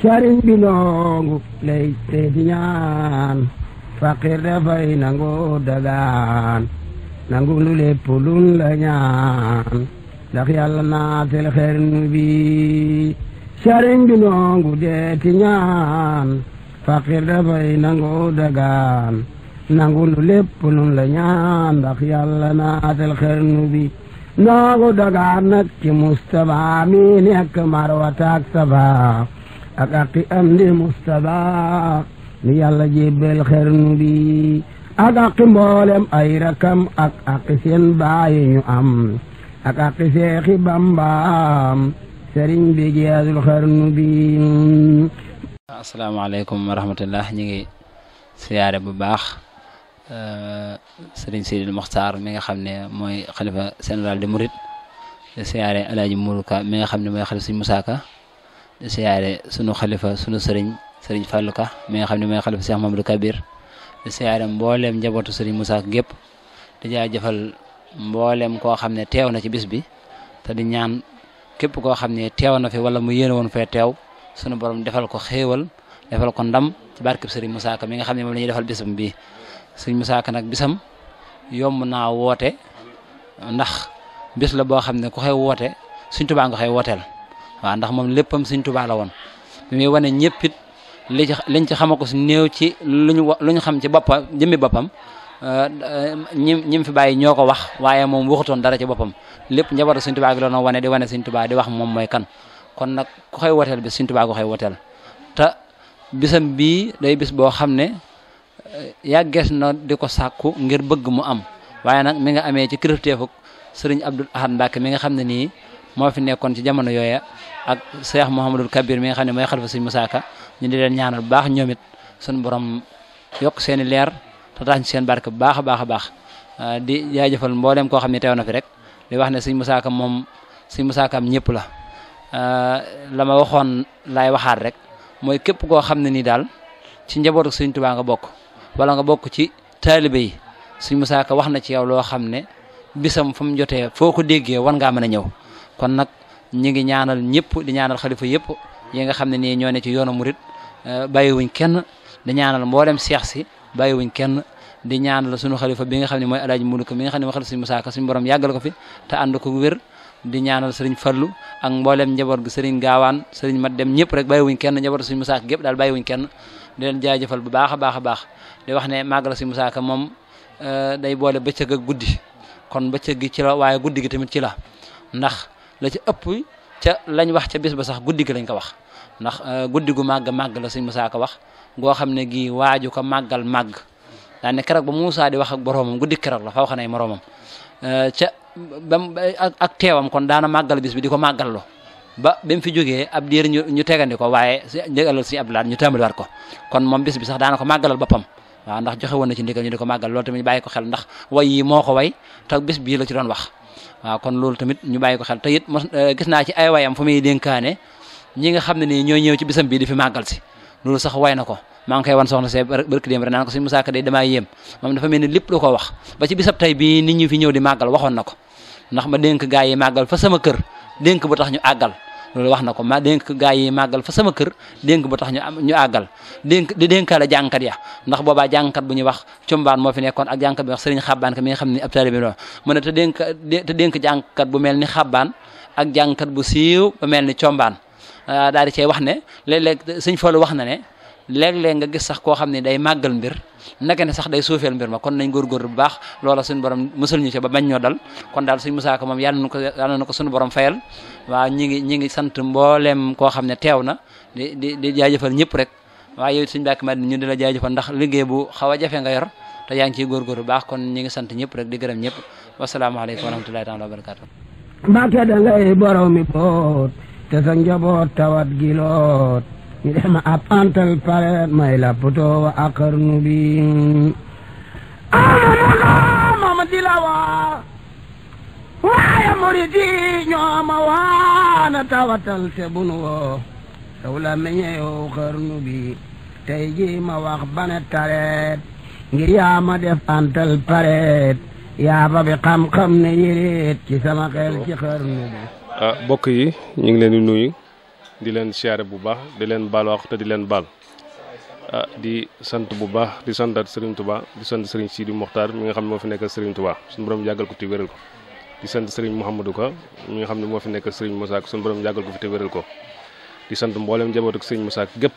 sëriñ bi longu lay seeti ñaan faqir dafay nangu dagaan nangu lu lépp luñ la ñaan ndax yàlla naatel xernu bi sëriñ bi longu deeti ñaan faqir dafay nangu dagaan nangu lu lépp luñ la ñaan ndax yàlla naatel xernu bi nangu dagaan nag ci Mustapha mi nekk Marwata ak Safa ak aqi am di Mustapha ni yàlla jébbal xernu bi ak aqi mboolem ay rakam ak aqi seen baayi ñu am ak aqi seexi bambaam sëriñ bi jeexul xernu bi. asalaamaaleykum wa rahmatullah ñu siyaare bu baax euh, sëriñ Sidil Moxtaar mi nga xam ne mooy xalifa général de Mouride di siyaare El Hadj mi nga xam ne mooy xalifa Sëriñ Musaa siyaare sunu xalifa sunu sëriñ sëriñ Fallou mi nga xam ne mooy xalifa Cheikh Mamadou Kabir di siyaare mbooleem njabootu sëriñ Moussa gépp di mbooleem koo xam ne teew na ci bis bi te di ñaan képp koo xam ne teew na fi wala mu yéene woon fee teew sunu borom defal ko xéewal defal ko ndam ci barkeb sëriñ Moussa Ka mi nga xam ne moom la defal bisam bi sëriñ Moussa Ka nag bisam yomb naa woote ndax bis la boo xam ne ku xëy woote suñ tubaa nga xëy wooteel waaw ndax moom léppam sëñ Tuubaa la woon bi muy wane ñëpp it li ci liñ ci xama ko si néew ci lu ñu lu ñu xam ci boppam jëmmi boppam ñi euh, ñi fi bàyyi ñoo ko wax waaye moom waxutoon dara ci boppam lépp njabootu sëñ Tuubaa gi la doon wane di wane sëñ Tuubaa di wax moom mooy kan kon nag ku koy woteel bi sëñ Tuubaa ku wotel woteel te bisam bi day bis boo xam ne euh, yàggees na di ko sàkku ngir bëgg mu am waaye nag mi nga amee ci kilifteefu sëriñ Abdul Ahad Mbàkke mi nga xam ne nii moo fi nekkoon ci jamono yooya ak Cheikh Mouhamadul Kabir mi nga xam ne mooy xalifa sëñ Moussa Ka ñu di leen ñaanal bu baax ñoom it borom yokk seen i leer te tax seen barke bu baax a baax a baax ah, di jaajëfal mboolem koo xam ne teew na fi rek di wax ne sëñ Moussa Ka moom sëñ Moussa am ñëpp la ah, la ma waxoon laay waxaat rek mooy képp koo xam ne nii daal ci njabootu sëñ Tuubaa nga bokk wala nga bokk ci taalibe yi sëñ Moussa Ka wax na ci yow loo xam ne bisam fu mu jotee foo ko déggee war ngaa mën a ñëw kon nag ñi ngi ñaanal ñëpp di ñaanal xalifa yëpp yi nga xam ne nii ñoo ne ci yoonu murit euh, bàyyiwuñ kenn di ñaanal mboolem seex si bàyyiwuñ kenn di ñaanal suñu xalifa bi nga xam ne mooy alaaji muluka mi nga xam ne moo xalifa suñu musaaka suñu borom yàggal ko fi te ànd ko wér di ñaanal sëriñ fallu ak mboolem njaboot gi sëriñ gaawaan sëriñ mat dem ñëpp rek bàyyiwuñ kenn njaboot suñu musaaka gépp daal bàyyiwuñ kenn di leen jaajëfal bu baax a baax a baax di wax ne màggal suñu musaaka moom euh, day boole bëccëg ak guddi kon bëccëg gi ci la waaye guddi gi tamit ci la ndax la ca ëpp ca lañ wax ca bis ba sax guddi gi lañ ko wax ndax euh, guddi gu màgg màgg la sëñ Musaa ko wax goo xam ne gi waaju ko màggal màgg daa ne ba Musaa di wax ak boroomam guddi keroog la fa wax nay moroomam euh, ca bam ak teewam kon daana màggal bis bi di ko màggalloo ba ba mu fi jógee ab diir ñu ñu tegandi ko waaye si njëgalal si Abdulaat ñu tàmbaliwaat ko kon moom bis bi sax daana ko màggalal boppam waaw ndax joxe woon na ci ndigal ñu di ko màggal loolu tamit bàyyi ko xel ndax way yi moo way te bis bii la ci doon wax waaw kon loolu tamit ñu bàyyi ko xel te it mos eh, gis naa ci ay wayam fu muy dénkaane ñi nga xam ne nii ñooy ñëw ci bisam bii di fi màggal si loolu sax way na ko maa ngi koy wan soxna see barki démb rek naan ko suñu musaaka day damaa yéem moom dafa mel ni lépp lu ko wax ba ci bisab tey bii ni ñu fi ñëw di màggal waxoon na ko ndax ma dénk gaa yi màggal fa sama kër dénk bu tax ñu àggal loolu wax na ko ma dénk gaa yi màggal fa sama kër dénk bu tax ñu am ñu àggal dénk di dénkaale jàngkat ya ndax boobaa jàngkat bu ñuy wax combaan moo fi nekkoon ak bi wax sëriñ xabbaan ka mi nga xam ne ab taalibe bi mu ne te dénk dénk jàngkat bu mel ni xabbaan ak jàngkat bu siiw bu mel ni cumbaan daal di cee wax ne léeg-léeg sëñ Fallu wax na ne léeg-léeg nga gis sax koo xam ne day màggal mbir naka ne sax day suufeel mbir ma kon nañ góorgóorlu bu baax loola suñu borom mësul ñu ci ba bañ ñoo dal kon daal suñ musaaka moom yàlla na ko ko suñu borom fayal waaw ñi ngi sant mbooleem koo xam ne teew na di di di jaajëfal ñëpp rek waaye yow suñu bàkk ma ñu di la jaajëfal ndax liggéey bu xaw a jafe nga yor te yaa ngi ciy góorgóorlu bu baax kon ñi ngi sant ñëpp rek di gërëm ñëpp wasalaamaaleykum wa rahmatullahi taala wa barakatu mbàkke da ngay borom mi boot te sa njaboot tawat giloot ñu def ma ab antal pare may la poto wa akarnu bi mama dilawa waaye muridi ñooma waana tawatal te bunu woo saw la meñeew xarnu bi tey ji ma wax bane tareet ngir yaa ma def antal pareet yaa ba bi xam-xam ne yëreet ci sama xel ci xarnu bi ah, bokk yi ñu ngi nuyu di leen siyaare bu baax di leen baal wax te di leen baal ah di sant bu baax di santaat Serigne Touba di sant Serigne Sidi Mokhtar mi nga xam ne moo fi nekk Serigne Touba suñu borom yàggal ko te wéral ko di sant Serigne Mouhamadou Ka mi nga xam ne moo fi nekk Serigne Moussa Ka suñu borom te wéral ko di sant mbooleem njaboot ak Serigne Moussa Ka gépp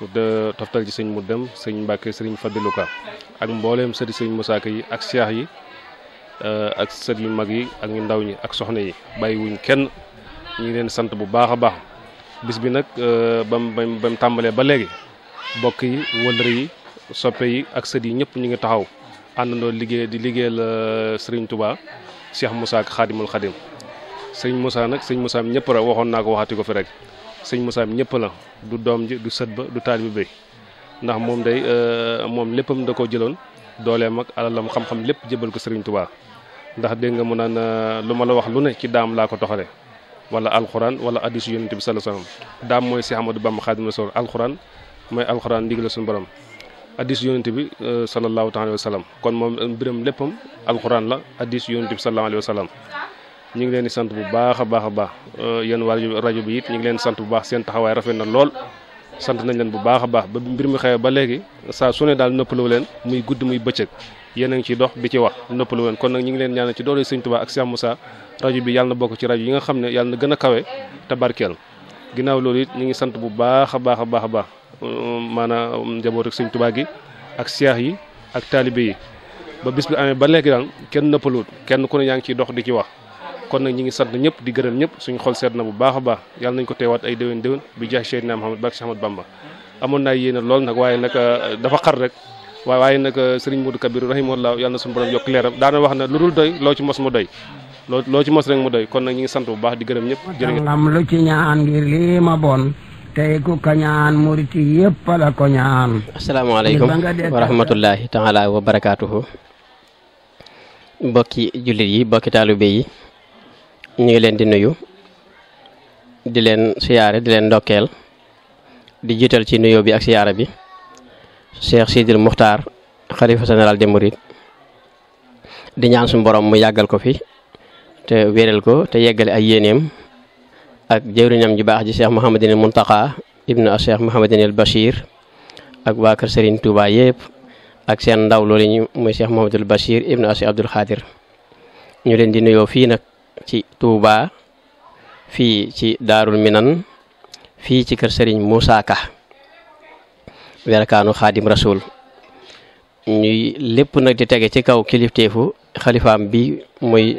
de toftal ci sëñ mu dem sëñ Mbàkke sëriñ Fadilou Ka ak mbooleem sëti sëñ Moussa yi ak seex yi ah, ak sët yu mag yi ak ñu ndaw ñi ak soxna yi bàyyiwuñ kenn ñu ngi leen sant bu baax a baax bis bi nag euh, bam ba bam tàmbalee ba léegi bokk yi wëllëre yi soppe yi ak sët yi ñëpp ñu ngi taxaw àndandoo liggéey di liggéeyal euh, Serigne tubaa Cheikh Moussa ak Xaadimul Xaadim sëñ musaa nag sëñ Moussa mi ñëpp la waxoon naa ko waxati ko fi rek sëñ Moussa ñëpp la du doom ji du sët ba du taalibe bi ndax moom day euh, moom léppam da koo jëloon dooleem ak alalam xam-xam lépp jëbal ko Serigne Touba ndax dégg nga mu naan lu ma la wax lu ne ci daam laa ko toxale wala alxuraan wala addis yonent bi sallallahu alayhi wasallam daam mooy Cheikh Ahmadou ma Xaadimu Rasuul alxuraan mooy alxuraan ndigal suñu borom addis euh, yonent bi sallallahu alayhi wasallam kon moom mbiram léppam alxuraan la addis bi sallallahu alayhi ñu ngi leen di sant bu baax a baax a baax euh, yéen waa rajo bi it ñu ngi leen sant bu baax seen taxawaay rafet na lool sant nañ leen bu baax a baax ba mbir mi xewee ba léegi saa su ne daal noppalu leen muy gudd muy bëccëg yéen a ngi ciy dox bi ci wax noppalu leen kon nag ñu ngi leen ñaanal ci doole Sëñ Tuubaa ak Cheikh Moussa rajo bi yàlla na bokk ci rajo yi nga xam ne yàlla na gën a kawe te barkeel ginnaaw loolu it ñu ngi sant bu baax a baax a baax a baax maanaam njaboot ak Sëñ Tuubaa gi ak seex yi ak taalibe yi ba bis bi amee ba léegi daal kenn noppaluut kenn ku ne yaa ngi ciy dox di ci wax kon nag ñi ngi sant ñëpp di gërëm ñëpp suñ xol seet na bu baax a baax yàlla nañu ko teewaat ay déwén déwén bi jaay Seydina Muhammad barke Ahmad Bamba amoon naa nag waaye euh, xar rek waaye waaye nag euh, Serigne Modou Kabir rahimahullah yàlla na suñu borom yokk leeram daana wax ne lu dul doy loo ci mos mu doy loo loo ci mos rek mu doy kon nag ñi ngi sant bu baax gërëm ñëpp jërëngam lu ci ñaan ngir lii ma bon tey ku ko ñaan murit yëpp la ko ñaan asalaamaaleykum wa rahmatullahi taala wa barakaatuhu mbokki jullit yi mbokki taalibe yi ñu ngi leen di nuyu di leen siyaare di leen ndokkeel di jiital ci nuyoo bi ak siyaara bi Cheikh Sidil Muxtaar xalifa général des mourides di ñaan suñu borom mu yàggal ko fi te wéeral ko te yeggale ay yéeneem ak jëwriñam ji baax ji Cheikh Mouhamadinil Muntaqa ibnu Cheikh Mouhamadinil Bachir ak waa kër Serigne Touba yëpp ak seen ndaw loolu ñu muy seex Mouhamadul Bachir ibnu Cheikh Abdoul Khadir ñu leen di nuyoo fii nag ci Touba fii ci Daarul Minan fii ci kër sëriñ Moussa Ka werkaanu Xaadim Rasul ñuy lépp nag di tege ci kaw kilifteefu xalifaam bi muy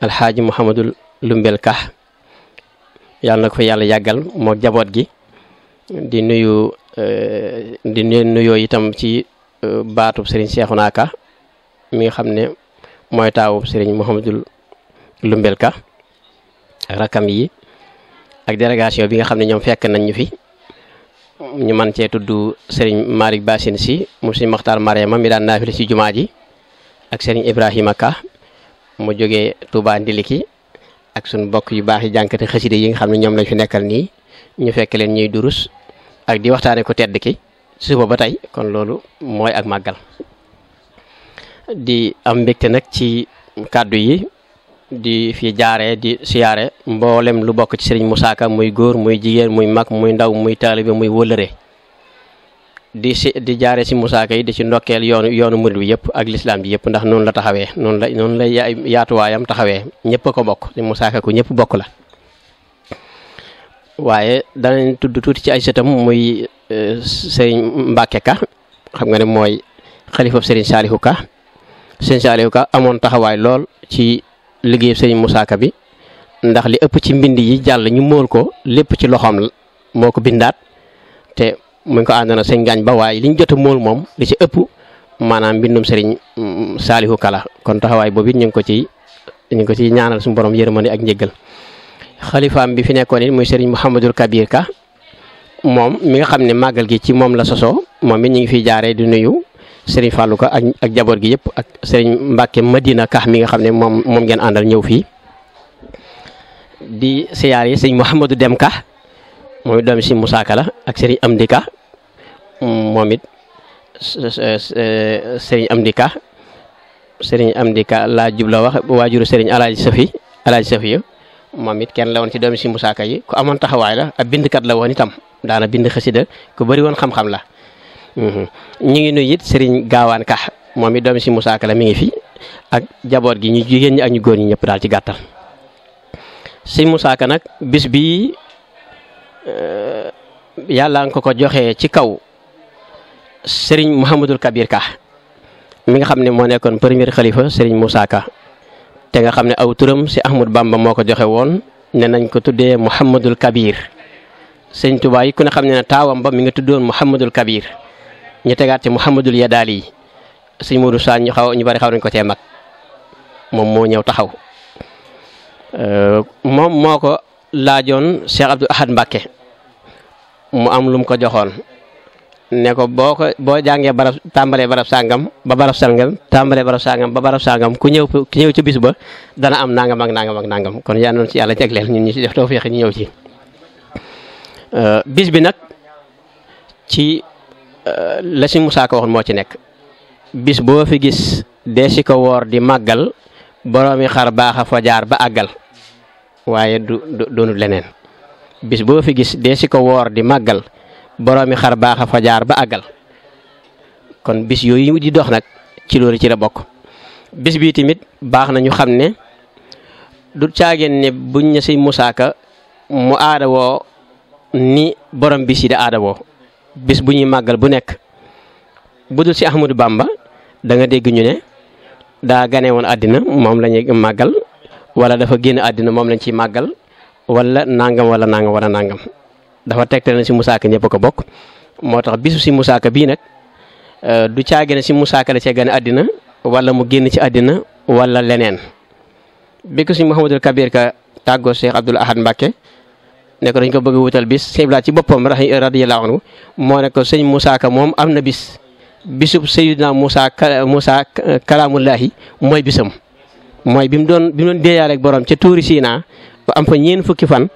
alxaaji Mouhamadul Lumbel Ka yàlla na ko fa yàlla yàggal moo jaboot gi di nuyu eh, di nuyoo itam ci eh, baatub Serigne Cheikhouna Ka mi nga xam ne mooy taawu Serigne Lumbelka ak rakam yi ak délégation bi nga xam ne ñoom fekk nañ ñu fi ñu man cee tudd sëriñ Malick Bassine si mu sëriñ Makhtar Mariama mi daan naafile si jumaa ji ak sëriñ Ibrahima Ka mu jógee Touba Ndiliki ak suñu mbokk yu baax yi jànkati xaside yi nga xam ne ñoom lañ fi nekkal nii ñu fekk leen ñuy durus ak di waxtaane ko tedd ki suba ba tey kon loolu mooy ak màggal di am mbégte nag ci kàddu yi di fi jaaree di siyaare mboolem lu bokk ci sëriñ Moussa Ka muy góor muy jigéen muy mag muy ndaw muy taalibe muy wëlëre di si di jaare si Moussa yi di ci ndokkeel yoonu yoonu murid bi yëpp ak lislaam bi yëpp ndax noonu la taxawee noonu la noonu la yaatuwaayam taxawee ñëpp ko bokk si Moussa Ka ku ñëpp bokk la waaye danañ tudd tuuti ci ay sëtam muy eh, sëriñ Mbàkke Ka xam nga ne mooy xalifab sëriñ Saalihu Ka sëriñ Saalihu Ka amoon taxawaay lool ci liggéey sëriñ Moussa Ka bi ndax li ëpp ci mbind yi jàll ñu mool ko lépp ci loxoom moo ko bindaat te mu ko àndoon ak sëñ Gaañ ba waaye li ñu jot mool moom li ci ëpp maanaam mbindum sëriñ mm, Saalihu Kala kon taxawaay boobu it ñu ngi ko ciy ñu ko ciy ñaanal su borom yërmande ak njëggal xalifaam bi fi nekkoon it muy sëriñ Mouhamadul Kabir Ka moom mi nga xam ne màggal gi ci moom la sosoo moom it ñu ngi fiy jaaree di nuyu sëriñ fàlluka ak ak jaboot gi yëpp ak sëriñ Mbacke Madina Ka mi nga xam ne moom moom ngeen àndal ñëw fii di siyaar yi sëñ Mouhamadou Dem Ka moom it si Moussa Ka la ak sëriñ Amdi Ka moom it sëriñ Amdi Ka sëriñ Amdi Ka laa jubla wax waajuru sëriñ Alaaji Safi Alaaji Safi moom it kenn la woon ci doomi si Moussa Ka yi ku amoon taxawaay la ab bindkat la woon itam daana bind xasida ku bëri woon xam-xam la ñu ngi nuyu it Serigne Gaawaan Ka moom it doom si Moussa Ka la mi ngi fi ak jaboot gi ñu jigéen ñi ak ñu góor ñi ñëpp daal ci gàttal si Moussa Ka nag bis bi euh, yàlla nga ko ko joxe ci kaw sëriñ Mouhamadul Kabir Ka mi nga xam ne moo nekkoon premier xalifa Serigne Moussa Ka te nga xam ne aw turam si Ahmad Bamba moo ko joxe woon ne nañ ko tuddee Mouhamadul Kabir sëñ Tuubaa yi ku ne xam ne ne taawam ba mi nga tuddoon Mouhamadul Kabir. ñu tegaat ci Mouhamadul Yadaali sëñ Modou Sane ñu xaw ñu bari xaw nañ ko cee mag moom moo ñëw taxaw euh, moom moo ko laajoon Cheikh Abdou Ahad Mbacke mu am lu mu ko joxoon ne ko boo ko boo jàngee barab tàmbalee barab sàngam ba barab sàngam tàmbalee barab sàngam ba barab sàngam ku ñëw ku ñëw ci bis ba dana am nangam ak nangam ak nangam kon yaa noonu ci yàlla jagleel ñun ñu ci def tawfeex ñu ñëw ci euh, bis bi nag ci la si Moussa ko moo ci nekk bis boo fi gis dee si ko woor di màggal boroomi xar baax fa jaar ba àggal leneen bis boo fi gis dee si ko di màggal boroomi xar baax a fa jaar ba àggal kon bis yooyu di dox nag ci loolu ci la bokk bis bii tamit baax na ñu xam ne du caageen ne buñ ne si Moussa mu aada woo ni borom bis yi da aada woo bis bu ñuy màggal bu nekk bu dul si Ahmadou Bamba da nga dégg ñu ne daa gane woon àddina moom la ñuy màggal wala dafa génn àddina moom lañ ciy màggal walla nangam wala nangam wala nangam dafa tegtal na si Moussa Ka ñëpp ko bokk. moo tax bisu si Moussa Ka bii nag euh, du caage ne si Moussa Ka la cee gane àddina wala mu génn ci àddina wala leneen bi ko si Mouhamadul Kabir Ka tàggoo Cheikh Abdoul Ahad Mbacke ne ko dañ ko bëgg a wutal bis sëñ Blaat ci boppam radiyallaahu anhu moo ne ko sëñ Moussa Ka moom am na bis bisub Seydina Moussa Moussa Kalaamullaahi mooy bisam mooy bi mu doon bi mu doon borom ca Tuuri Siina ba am fa ñeen fukki fan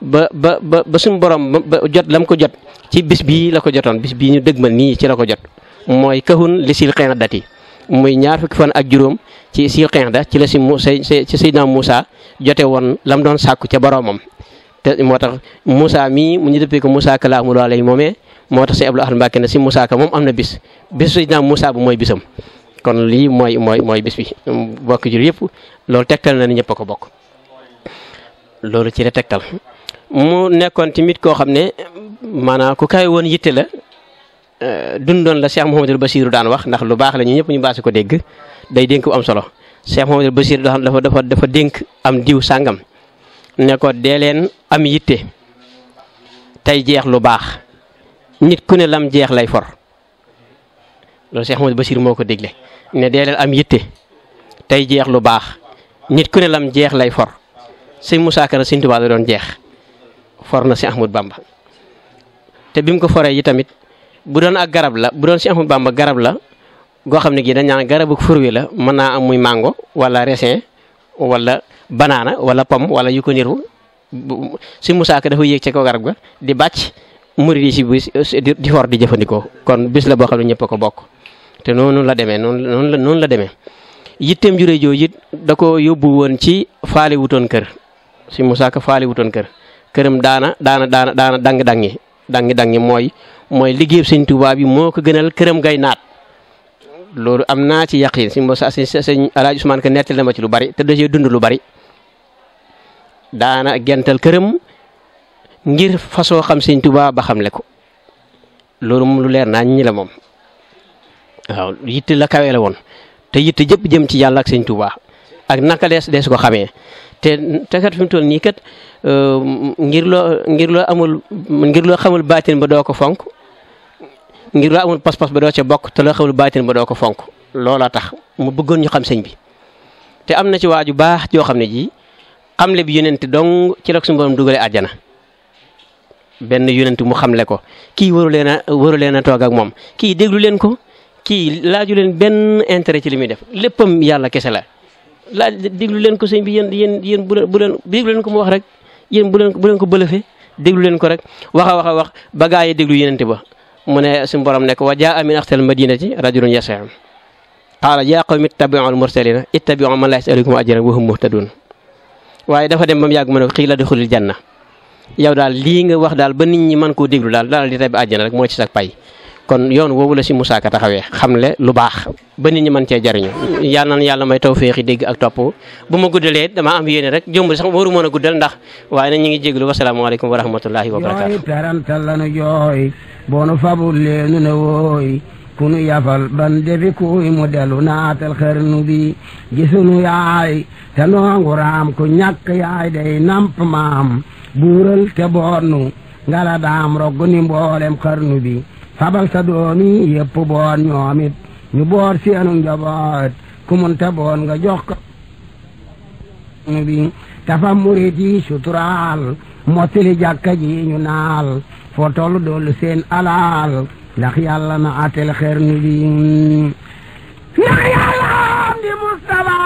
ba ba ba ba suñu borom ba jot lam ko jot ci bis bii la ko jotoon bis bii ñu dëgmal nii ci la ko jot mooy kahun li sil xeen dati muy ñaar fukki fan ak juróom ci sil xeen da ci la si Moussa ci Seydina Moussa jote woon lam doon sàkku ca boromam. te moo tax Moussa mii mu ñu dëppee ko Moussa Ka laamuloo lay moomee moo tax sëñ Abdou Ahad Mbàkke ne si Moussa Ka moom am na bis bis Seydina Moussa bu mooy bisam kon lii mooy mooy mooy bis bi bokk jur yëpp loolu tegtal na ni ñëpp ko bokk loolu ci la tegtal mu nekkoon tamit koo xam ne maanaam ku kay woon yitte la euh, dundoon la Cheikh Mouhamadul Basiiru daan wax ndax lu baax la ñu ñëpp ñu baasi ko dégg day dénk bu am solo Cheikh Mouhamadul Basiiru dafa dafa dénk am ne ko dee leen am yitte tey jeex lu baax nit ku ne lam jeex lay for loolu Cheikh Ahmadou Bachir moo ko dégle ne dee leen am yitte tey jeex lu baax nit ku ne lam jeex lay for sëñ Moussa Ka sëñ Tuubaa doon jeex for na Cheikh Ahmadou Bamba te bi mu ko foree yi tamit bu doon ak garab la bu doon Cheikh Ahmadou Bamba garab la goo xam ne gii dañ naan garabu furwi la mën naa am muy mango wala wala banaana wala pom wala yu ko niru si musaaka dafa yéeg ci ko garab ga di bàcc murid yi si bis di for di jëfandikoo kon bis la boo xam ne ñëpp ko bokk te noonu la demee noonu la noonu la demee yitteem jure joo it da ko yóbbu woon ci faale wutoon kër si musaaka faale wutoon kër këram daana daana daana daana dang dangi dangi dangi mooy mooy liggéeyub sëñ Tuubaa bi moo ko gënal këram gay naat loolu am naa ci yaqin si mos a si sëñ Alaaji Ousmane Ka nettal na ma ci lu bari te da cee dund lu bari daana gental këram ngir fasoo xam sëñ Tuubaa ba xamle ko loolu moom lu leer naa ñi la moom waaw yitte la kawe la woon te yitte jëpp jëm ci yàlla ak sëñ Tuubaa ak naka dees dees ko xamee te te kat fi nii kat euh, ngir loo ngir loo amul ngir loo xamul baatin ba doo ko fonk ngir loo amoon pas ba doo ca bokk te loo xamul baatin ba doo ko fonk loolaa tax mu bëggoon ñu xam sëñ bi te am na ci waaju baax joo xam ne ji xamle bi yonent dong ci la ko suñu borom dugalee benn yonent mu xamle ko kii waru leen a waru leen a toog ak moom kii déglu leen ko kii laaju leen benn intérêt ci li muy def léppam yàlla kese la laaj déglu leen ko sëñ bi yéen yéen yéen bu leen bu leen déglu leen ko mu wax rek yéen bu leen bu leen ko bëlëfe déglu leen ko rek waxa a wax ba gaa yi déglu ba mu ne suñu borom nekk wa jaa min axtal madinati rajulun yas'a qaala yaa qawmi ittabi'u al-mursalina ittabi'u man laa yas'alukum ajran wa hum muhtadun waaye dafa dem ba mu yàgg mu ne qiila duxulil janna yow daal lii nga wax daal ba nit ñi man koo déglu daal daal di tàbbi àjjana rek mooy ci sag pay kon yoon woowu la si Moussa Ka taxawee xamle lu baax ba nit ñi man cee jariñu yal na yàlla may tawféexi dégg ak topp bu ma guddalee damaa am yéene rek jëmb sax waru mën a guddal ndax waaye nag ñu ngi jéglu wasalaamaaleykum wa rahmatullahi wa barakaatu boonu fabul leenu ne wooy ku nu yafal ban debi kuy mu delu naatal xarnu bi gisunu yaay te noongu raam ku ñàkk yaay day namp maam buural te boonnu ngala daam roggu ni mboolem xarnu bi fabal sa doomi yépp boon ñoomit ñu boor seenu njaboot ku mun te boon nga jox ko nu bi tafa murit yi suturaal mottili jàkka ji ñu naal foo toll doolu seen alal ndax yàlla na atel xer nu ndax yàlla am di Mustafa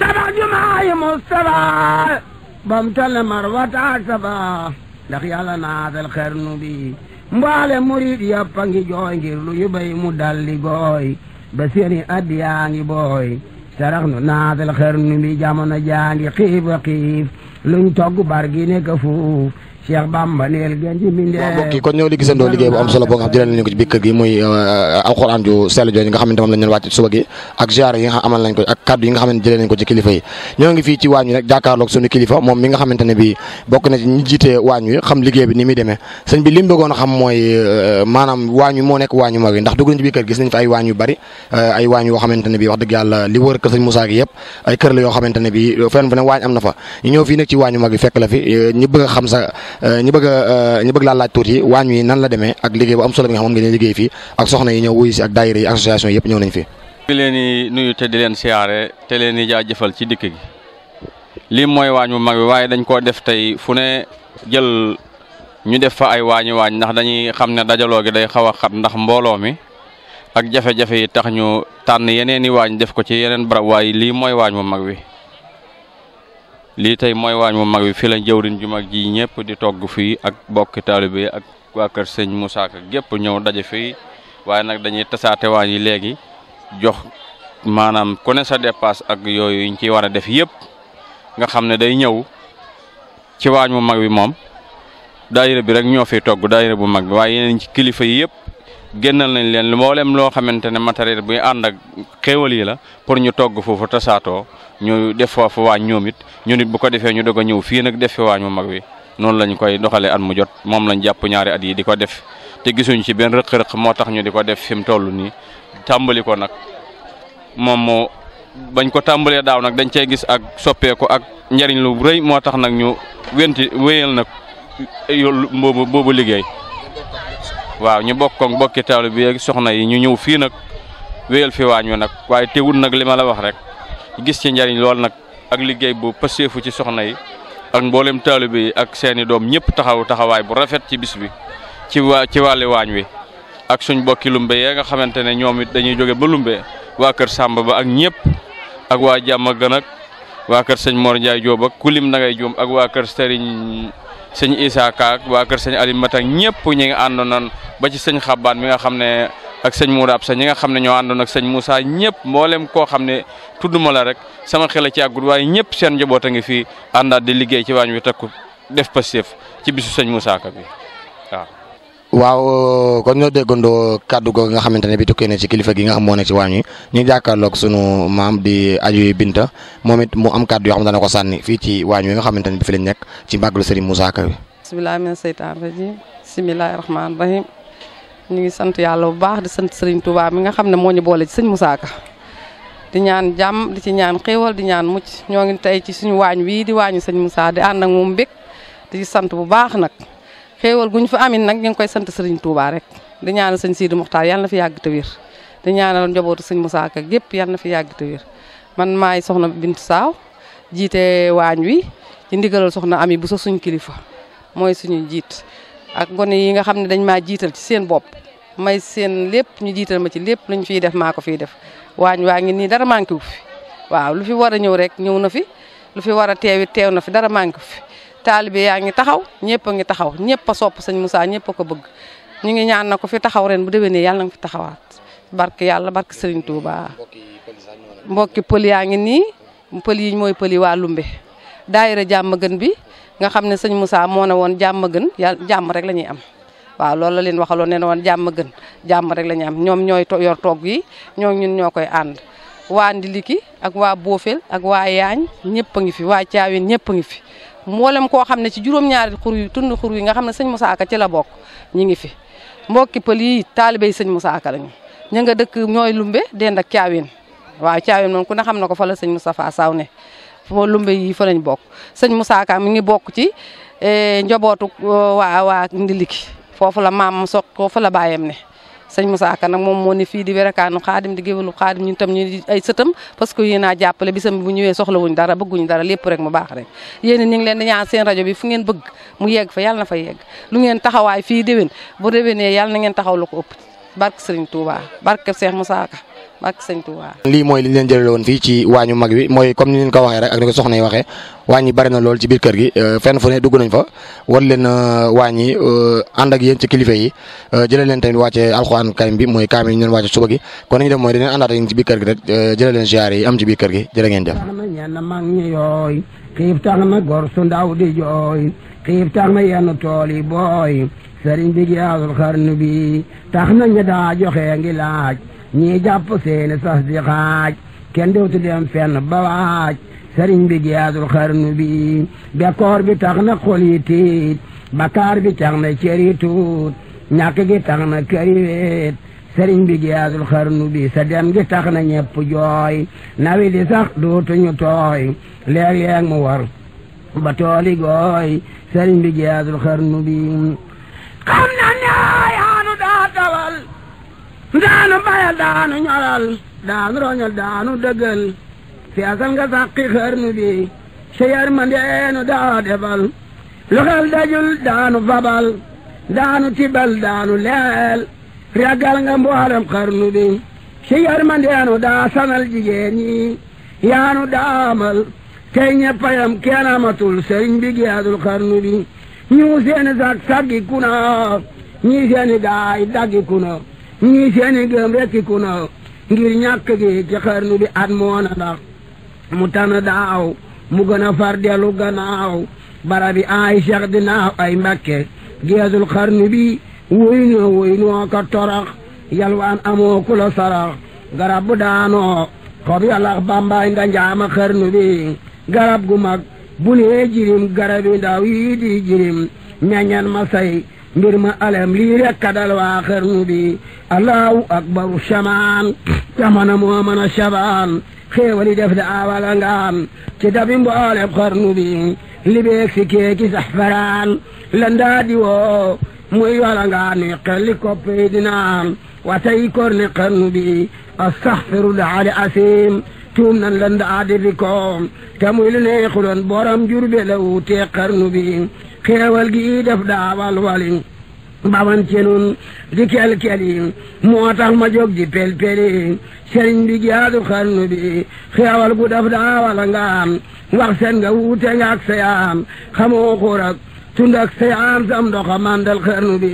tabax jumaayi Mustafa bam tale marwataak saba ndax yàlla na atel xer nu bi mbaale murid yàppa jooy ngir lu ñu mu dalli gooy ba seeni addiyaa ngi booy sarax nu naatal xer nu bi jaa ngi xiif xiif luñ togg bar gi nekk fuuf Cheikh Bamba neel gën ji mindee waaw mbokk yi kon ñoo di gisandoo liggéey bu am solo boo euh, euh, nga xam jëlee nañu ko ci biir moom mi nga xamante bi bokk na ñi jiitee waañ wi xam liggéey bi ni muy demee sëñ bi li mu bëggoon xam mooy euh, maanaam waañ wi moo nekk waañ yu mag yi ndax dugg nañ ci biir kër gis nañ fa ay waañ yu bari ay waañ yoo xamante bi wax dëgg yàlla li wër kër sëñ Moussa gi yëpp ay kër la yoo xamante ne bi fenn fu ne waañ am na fa ñu ñëw fii nag ci waañ yu mag yi fekk la fi ñu bëgg xam sa Euh, ñu bëgg a euh, ñu bëgg laa laaj tuuti waañ wi nan la demee ak liggéey bu am solo bi nga xam ne ngeen liggéey fi ak soxna yi ñëw wuyu si ak daayira yi association yëpp ñëw nañ fi. di leen di nuyu te di leen siyaare te leen di jaajëfal ci dikk gi lii mooy waañ wu mag bi waaye dañ koo def tey fu ne jël ñu def fa ay waañi waañ ndax dañuy xam ne dajaloo gi day xaw a xat ndax mbooloo mi ak jafe-jafe yi tax ñu tànn yeneen i waañ def ko ci yeneen barab waaye lii mooy waañ bu mag wi lii tey mooy waañ mu mag bi fi la jëwriñ ju mag ji ñëpp di togg fii ak bokki taalibe ak waa kër sëñ Moussa Ka gépp ñëw daje fii waaye nag dañuy tasaate waañ yi léegi jox maanaam ku ne sa dépasse ak yooyu yiñ ciy war a def yëpp nga xam ne day ñëw ci waañ mu mag bi moom daayira bi rek ñoo fiy togg daayira bu mag bi waaye yeneen ci kilifa yi yëpp génnal nañ leen mboolem loo xamante ne matériel buy ànd ak xéewal yi la pour ñu togg foofu tasaatoo ñu def foofu waañ ñoom it ñu nit bu ko defee ñu doog a ñëw fii nag def fi waañ mu mag wi noonu lañ koy doxalee at mu jot moom lañ jàpp ñaari at yi di ko def te gisuñ ci benn rëq-rëq moo tax ñu di ko def fi tollu nii tàmbali ko nag moom moo bañ ko tàmbalee daaw nag dañ cey gis ak soppeeku ak njariñ lu rëy moo tax nag ñu wenti wéyal nag yolu boobu boobu liggéey waaw ñu bokk ak bokki taalu bi ak soxna yi ñu ñëw fii nag wéyal fi waañ wi nag waaye teewul nag li ma la wax rek gis ci njariñ lool nag ak liggéey bu pëseefu ci soxna yi ak mboolem taalu bi ak seeni doom ñëpp taxaw taxawaay bu rafet ci bis bi ci waa ci wàlli waañ wi ak suñ bokki lumbe yee nga xamante ne ñoom it dañuy jóge ba lumbe waa kër Samba ba ak ñépp ak waa jàmm gën ak waa kër sëñ Mor Ndiaye Diop ak kulim na ngay juum ak waa kër Serigne sëñ Issa waa kër sëñ Aliou Mata ñëpp ñi ngi àndoon ba ci sëñ Xabaan mi nga xam ne ak sëñ Moura Absa ñi nga xam ne ñoo àndoon ak sëñ Moussa ñëpp mboolem koo xam ne tudduma la rek sama xel a ci àggul waaye ñëpp seen njaboot a ngi fii àndaat di liggéey ci waañ wi takku def pastéef ci bisu sëñ Moussa bi. waaw euh, kon ñoo déggandoo kàddu goo nga xamante ne bi tukkee ci kilifa gi nga xam moo nekk ci waañ ñu jàkkaarloog sunu maam di aju Binta moom it mu am kàddu yoo xam dana ko sànni fii ci waañ wi nga xamante ne bi nekk ci mbàggalu Serigne Moussa Ka wi bismillahi mina seytaan rajim bismillahi rahmaani rahim ñu ngi sant yàlla bu baax di sant Serigne Touba mi nga xam ne moo ñu boole ci sëñ Moussa di ñaan jàmm di ci ñaan xéewal di ñaan mucc ñoo ngi tey ci suñu waañ wii di waañu sëñ Moussa di ànd ak moom mbég di sant bu baax nag xéewal guñ fa amin nag ñu koy sant sëriñ Touba rek di ñaanal sëñ Sidi Muxtaar yàlla na fi yàgg te wér di ñaanal njabootu sëñ Moussa Ka gépp yàlla na fi yàgg te wér man maay soxna Bintu Saaw jiite waañ wi ci soxna ami bu sa suñ kilifa mooy suñu jiit ak gone yi nga xam ne dañ maa jiital ci seen bopp may seen lépp ñu jiital ma ci lépp luñ fiy def maa ko fiy def waañ waa ngi nii dara manqué wu fi waaw lu fi war a ñëw rek ñëw na fi lu fi war a teewit teew na fi dara manqué fi taalibe yaa ngi taxaw ñëpp a ngi taxaw ñëpp a sopp sëñ Moussa ñëpp a ko bëgg ñu ngi ñaan na ko fi taxaw reen bu déwénee yàlla na fi taxawaat barke yàlla barke Serigne Touba mbokki pël yaa ngi nii pël yi mooy pël yi waa Lumbe daayira jàmm gën bi nga xam ne sëñ Moussa moo ne woon jàmm gën yàlla jàmm rek lañuy am waaw loolu la leen waxaloon ne woon jàmm gën jàmm rek la am ñoom ñooy yor toog yi ñoo ñun ñoo koy ànd waa Ndiliki ak waa Boofel ak waa Yaañ ñëpp a ngi fi waa ñëpp ngi fi mboolem koo xam ne ci juróom-ñaari xur yu tund xur yi nga xam ne sëñ Moussa Ka ci la bokk ñi ngi fi mbokki pël yi taalibe yi sëñ Moussa Ka lañu ña nga dëkk ñooy lumbe dend ak caawin waaw caawin moom ku ne xam na ko fa la mu Moustapha Saw ne foo lumbe yi fa lañ bokk sëñ Moussa Ka mi ngi bokk ci eh, njobootu waa waa ndiliki foofu la maam soog foofu la bàyyam ne sëñ Moussa Ka nag moom moo ne fii di werekaanu xaadim di géwalu xaadim ñun tam ñu ay sëtam parce que yéen a jàppale bisam bi bu ñëwee soxlawuñ dara bëgguñ dara lépp rek mu baax rek yéen ñu leen di ñaan seen rajo bi fu ngeen bëgg mu yegg fa yàlla na fa yegg lu ngeen taxawaay fii déwén bu déwénee yàlla na ngeen taxaw lu ko barke sëriñ Touba barke Cheikh Moussa Ka ak sëñ Touba. lii mooy li ñu leen jëlee woon fii ci waañu mag wi mooy comme ni leen ko waxee rek ak ni ko soxna yi waxee waañ yi bari na lool ci biir kër gi euh, fenn fu ne dugg nañ fa war leen euh, waañ yi euh, ànd ak ci kilifa yi jëlee tamit wàcce alxuraan karim bi mooy kaamil ñu leen wàcce suba gi kon li ñu def mooy dañuy àndaat ci biir kër gi rek jëlee leen yi am ci biir kër gi jërë ngeen tool yi booy sëriñ bi gi asul xarnu bi tax na ña daa ngi laaj ñii jàpp seeni sas di xaaj kenn dootu leen fenn ba waaj sëriñ bi giyaadul xarnu bi bekkoor bi tax na xol yi tiit bakaar bi tax na cër yi tuut ñàkk gi tax na kër yi weet sëriñ bi giyaadul xarnu bi sa dem gi tax na ñepp jooy nawi di sax dootuñu tooy leer yeeg mu war ba tooli gooy sëriñ bi giyaadul xarnu bi xam na ne daanu bayal daanu ñoral daanu roñal daanu dëggal feesal nga sàqi xërnu bi sa yar mandeenu daa defal lu xel daanu fabal daanu tibal daanu leel ragal nga mboolem xërnu bi sa yar mandeenu daa sanal jigéen yaanu daamal tey ñeppayam kenn amatul bi geedul xërnu bi ñu sag saggi kuna ñii gaay daggi kuna ñii seeni gëm rekki ku naw ngir ñàkk gi ci xarnu bi at moona ndax mu tànn daaw mu gën a far dellu gannaaw barabi ay cheikh dinaaw ay mbakke geesul xarnu bi wuy noo wuy yalwaan amoo sarax garab bu daanoo xob yalax bambaay nga njaama xarnu bi garab gu mag bu nee jirim garabi ndaw yii di jirim meññan ma say ngir ma alem lii rek dal waa xarnu bi allahu akbaru shamaan jamono moo mën a shabaan def da awala ngaan ci dabi mboolem xarnu bi li beeg keeki sax lan daa di woo muy wala ngaan ni xelli koppay dinaan wa tey kor ne xarnu bi astaxfirullah ali asim tuum nan lan daa di xéewal gi def daa wal wali ci nun di kel-keli moo ma jóg di pel-peli sëriñ bi jaadu xarnu bi xéewal gu def daa wala ngaam wax seen nga wuute nga ak sayaam xamoo xurak tundak sayaam sam doxa mandal xarnu bi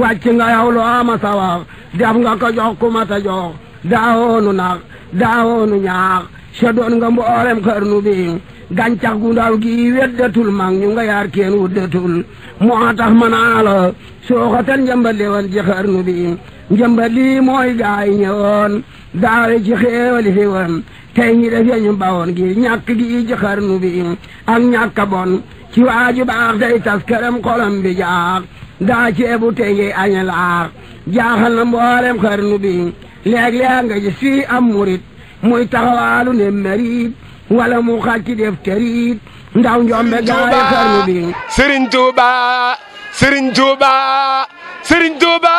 wàcc nga yow lu ama sawaf def nga ko jox ku mata jox daawoonu nax daawoonu ñaax sa doon nga mboolem xarnu bi gàncax gu ndaw gi weddatul mag ñu nga yaar kenn wuddatul moo tax ma naa la sooxatan njëmbatlewal ci xarnu bi njëmbat lii mooy gaay ñëwoon daawe ci xéewali fi woon tey ñi def yañu bawoon gi ñàkk gi ci xarnu bi ak ñàkka bon ci waaju baax day tas këram xolam bi jaax daa ceebu tey ngay añe laax jaaxal na mboolem xarnu bi léeg-léeg nga gis fii am murit muy taxawaalu ne merit wala mu xàcc def tëriit ndaw njombe gaay farnu bi sëriñ tuuba sëriñ tuuba sëriñ tuuba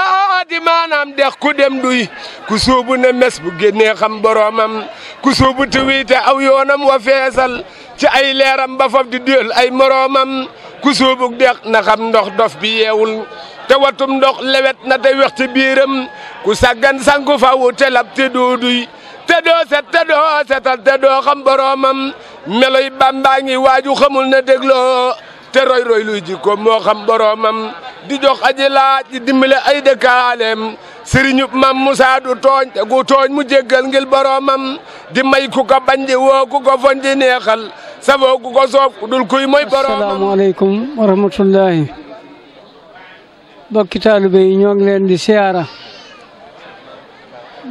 di maanaam dex ku dem duy ku sóobu ne mes bu génnee boroomam ku sóobu te aw yoonam wa feesal ci ay leeram ba faf di duyal ay moroomam ku sóobu dex na xam ndox dof bi yeewul te watum ndox lewet na te wex ci biiram ku saggan sanku fawu te lab te dooduy te doo set te doo setal te doo xam boromam meloy bàmbaa waaju xamul ne dégloo te roy roy luy jikko moo xam boromam di jox aji laaj di dimbale ay dëkkaaleem sëriñu mam Moussa du tooñ te gu tooñ mu jéggal ngir boromam di may ku ko bañ di woo ku ko foñ di neexal safoo ku ko soob ku dul kuy mooy boromam. asalaamaaleykum wa bokki taalibe yi ñoo ngi leen di siyaara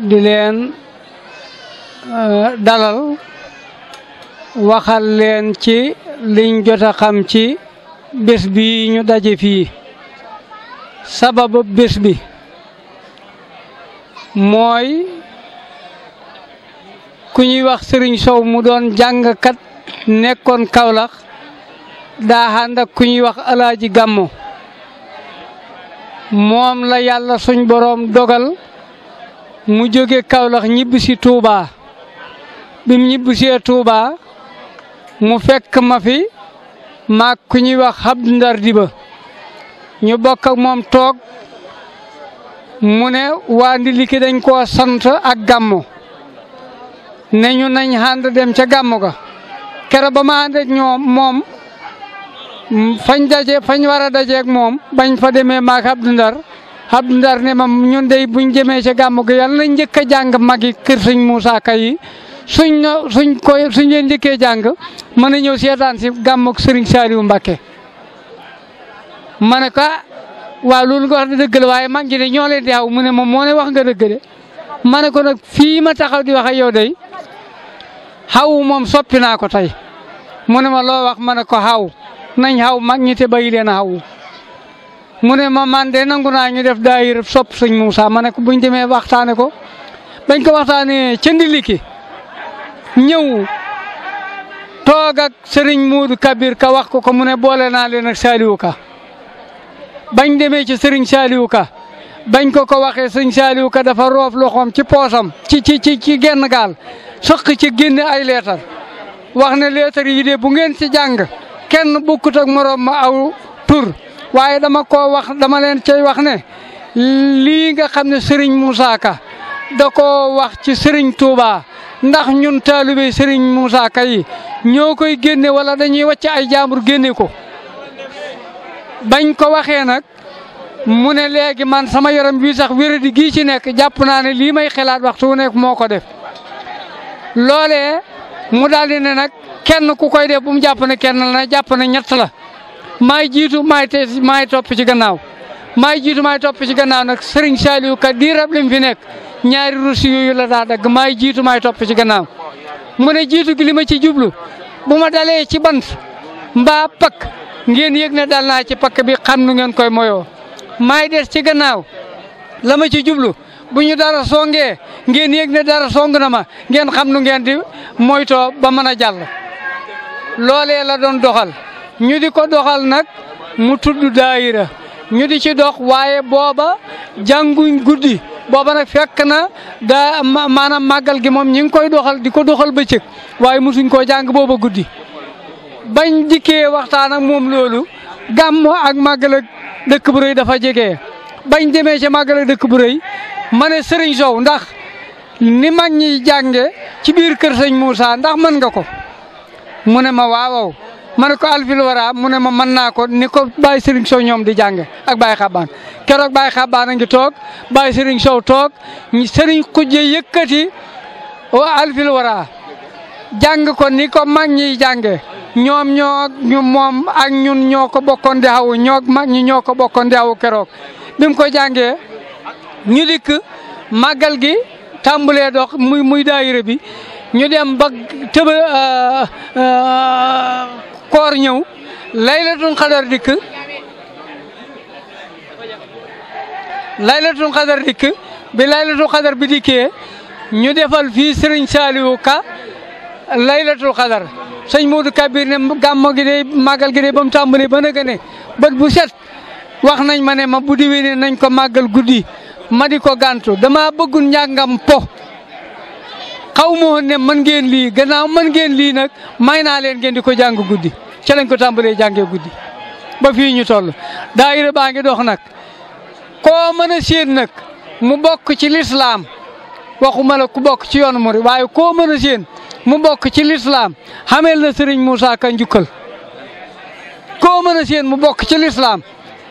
di leen. Euh, dalal waxal leen ci liñ jot a ci bés bi ñu daje fii sababu bés bi mooy ku ñuy wax Sëriñ Sow mu doon jàngkat nekkoon Kawlax daa ànd ku ñuy wax Alaaji Gàmmo moom la yàlla suñ boroom dogal mu jóge Kawlax ñibb Tuubaa bi mu ñibbisee Touba mu fekk ma fi maag ku ñuy wax Abdu ba ñu bokk moom toog mu ne waa Ndiliki dañ koo sant ak gàmmu ne ñu nañ ànd dem ca gàmmu ga kere ba ma ànd ñoom moom fañ daje fañ war a dajeeg moom bañ fa demee maag Abdu Ndar Abdu Ndar ne ma ñun dey buñ jëmee ca gàmmu ga yàlla nañ njëkk a jàng magi kër sëñ Moussa suñ na suñ koy suñ leen njëkkee jàng mën a ñëw seetaan si gàmm sëriñ Serigne Saliou Mbacké ma ne ko ah, waaw loolu nga wax ne dëgg la waaye mag ji ne ñoo leen di aw mu ne moom moo wax nga dëgg de ma ne ko nag fii ma taxaw di wax ak yow day xaw moom soppi naa ko tey mu ne ma loo wax ma ne ko xaw nañ xaw mag ñi te bàyyi leen xaw mu ne ma man de nangu naa ñu def daayira sopp sëñ Moussa ma ne ko buñ demee waxtaane ko bañ ko waxtaanee ca ndiliki ñëw toog ak Serigne Modou Kabir ka wax ko ko mu ne boole naa leen ak Saliou Ka bañ demee ci Serigne Saliou Ka bañ ko ko waxee Serigne Saliou Ka dafa roof loxoom ci poosam ci ci ci ci genn gaal sëq ci génn ay leetar wax ne leetar yi de bu ngeen ci jàng kenn bukkut ak moroom ma aw tur waaye dama ko wax dama leen cay wax ne lii nga xam ne Serigne Moussa Ka da ko wax ci Serigne Touba. ndax ñun taalibe sëriñ Moussa Ka yi ñoo koy génne wala dañuy wàcc ay jaambur génne ko bañ ko waxee nag mu ne léegi man sama yaram bii sax wéradi gii ci nekk jàpp naa ne lii may xalaat waxtu nekk moo ko def loolee mu daal di ne nag kenn ku koy def bu mu jàpp ne kenn la jàpp na ñett la maay jiitu maay te maay topp ci gannaaw maay jiitu maay topp ci gannaaw nag sëriñ Saliou Ka diirab lim fi nekk. ñaari russi yooyu la daa dagg maay jiitu may topp ci gannaaw mu ne jiitu gi li ma ci jublu bu ma dalee ci bant mbaa pakk ngeen yëg ne dal naa ci pakk bi xam nu ngeen koy moyoo maay des ci gannaaw la ma ci jublu bu ñu dara songee ngeen yéeg ne dara song na ma ngeen xam nu ngeen di moytoo ba mën a jàll loolee la doon doxal ñu di ko doxal nag mu tudd daayira ñu di ci dox waaye booba jànguñ guddi booba nag fekk na da maanaam màggal gi moom ñi ngi koy doxal di ko doxal ba bëccëg waaye mosuñ koo jàng booba guddi bañ dikkee waxtaan ak moom loolu gàmm ak màggal dëkk bu rëy dafa jege bañ demee ca màggal dëkk bu rëy ma ne sëriñ Sow ndax ni mag ñi jànge ci biir kër sëñ Moussa ndax mën nga ko mu ne ma waawaw ma ne ko alfil wara mu ne ma mën naa ko ni ko Baye Serigne Sow ñoom di jànge ak Baye Xabaan keroog Baye Xabaan a ngi toog Baye Serigne Sow toog sëriñ Kujje yëkkati wa alfil wara jàng ko ni ko mag ñi jànge ñoom ñoo ñu moom ak ñun ñoo ko bokkoon di xawu ñoo mag ñi ñoo ko bokkoon di xawu keroog bi ko jàngee ñu dikk màggal gi tàmbalee dox muy muy daayira bi ñu dem ba tëba euh, euh, koor ñëw laylatul xadar dikk laylatul xadar dikk bi laylatul xadar bi dikkee ñu defal fii Serigne Saliou Ka laylatul xadar sëñ Modou Kabir ne gàmmo gi day màggal gi day ba mu tàmbalee ba nag bët bu set wax nañ ma ne ma bu diwee ne nañ ko màggal guddi ma di ko gàntu dama bëggun njàngam po xaw ma woon mën ngeen lii gannaaw mën ngeen lii nag may naa leen ngeen di ko jàng guddi ca lañ ko tàmbalee guddi ba fii ñu toll daayira baa ngi dox nag koo mën a séen nag mu bokk ci lislaam waxuma la ku bokk ci yoonu murid waaye koo mën a séen mu bokk ci lislaam xamel na Serigne Moussa Ka njukkal koo mën a séen mu bokk ci lislaam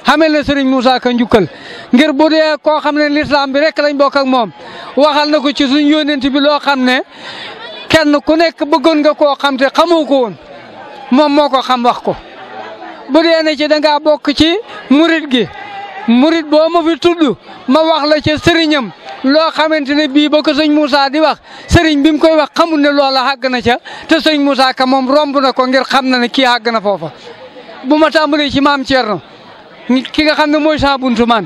xamel na sëriñ Moussa Ka njukkal ngir bu dee koo xam ne lislaam bi rek lañ bokk ak moom waxal na ko ci suñ yónent bi loo xam ne kenn ku nekk bëggoon nga koo xam te xamoo ko woon moom moo ko xam wax ko. bu dee ne ci danga ngaa bokk ci murit gi murit boo ma fi tudd ma wax la ci sëriñam loo xamante ne bii ba ko sëñ Moussa di wax sëriñ bi mu koy wax xamul ne loola àgg na ca te sëñ Moussa Ka moom romb na ko ngir xam na ne kii àgg na foofa bu ma tàmbalee ci maam Thierno. ki nga xam ne mooy saa buntu man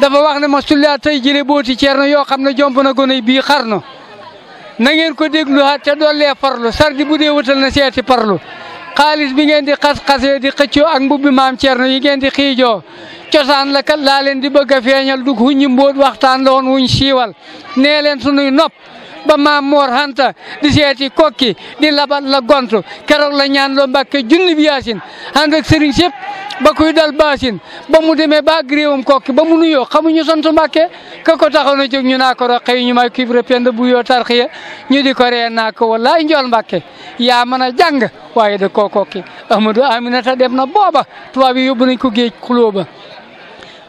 dafa wax ne ma sullaa tey jële booti na yoo xam ne jomb na gone bii xar na ngeen ko dégluwaat te dollee farlu sardi bu dee wutal na seeti parlu xaalis bi ngeen di xas-xasee di xëccoo ak mbubbi maam ceerno yi ngeen di xiijoo cosaan la ka laa leen di bëgg a feeñal dug huññi mbóot waxtaan la woon wuñ siiwal nee leen sunuy nopp ba maam Moor Hanta di seeti kokki di labat la gontu keroog la ñaan loo mbàkke junni bi yaasin ànd ak ba kuy dal baasin ba mu demee ba ak kokki ba mu nuyoo xamuñu sant mbàkke ka ko taxaw na ñu naa ko roqe ñu may kibra pend bu tarxiya ñu di ko ree naa ko wallaay njool mbàkke yaa mën a jàng waaye da koo kokki Ahmadou Aminata dem na booba tubaab yi yóbbu ba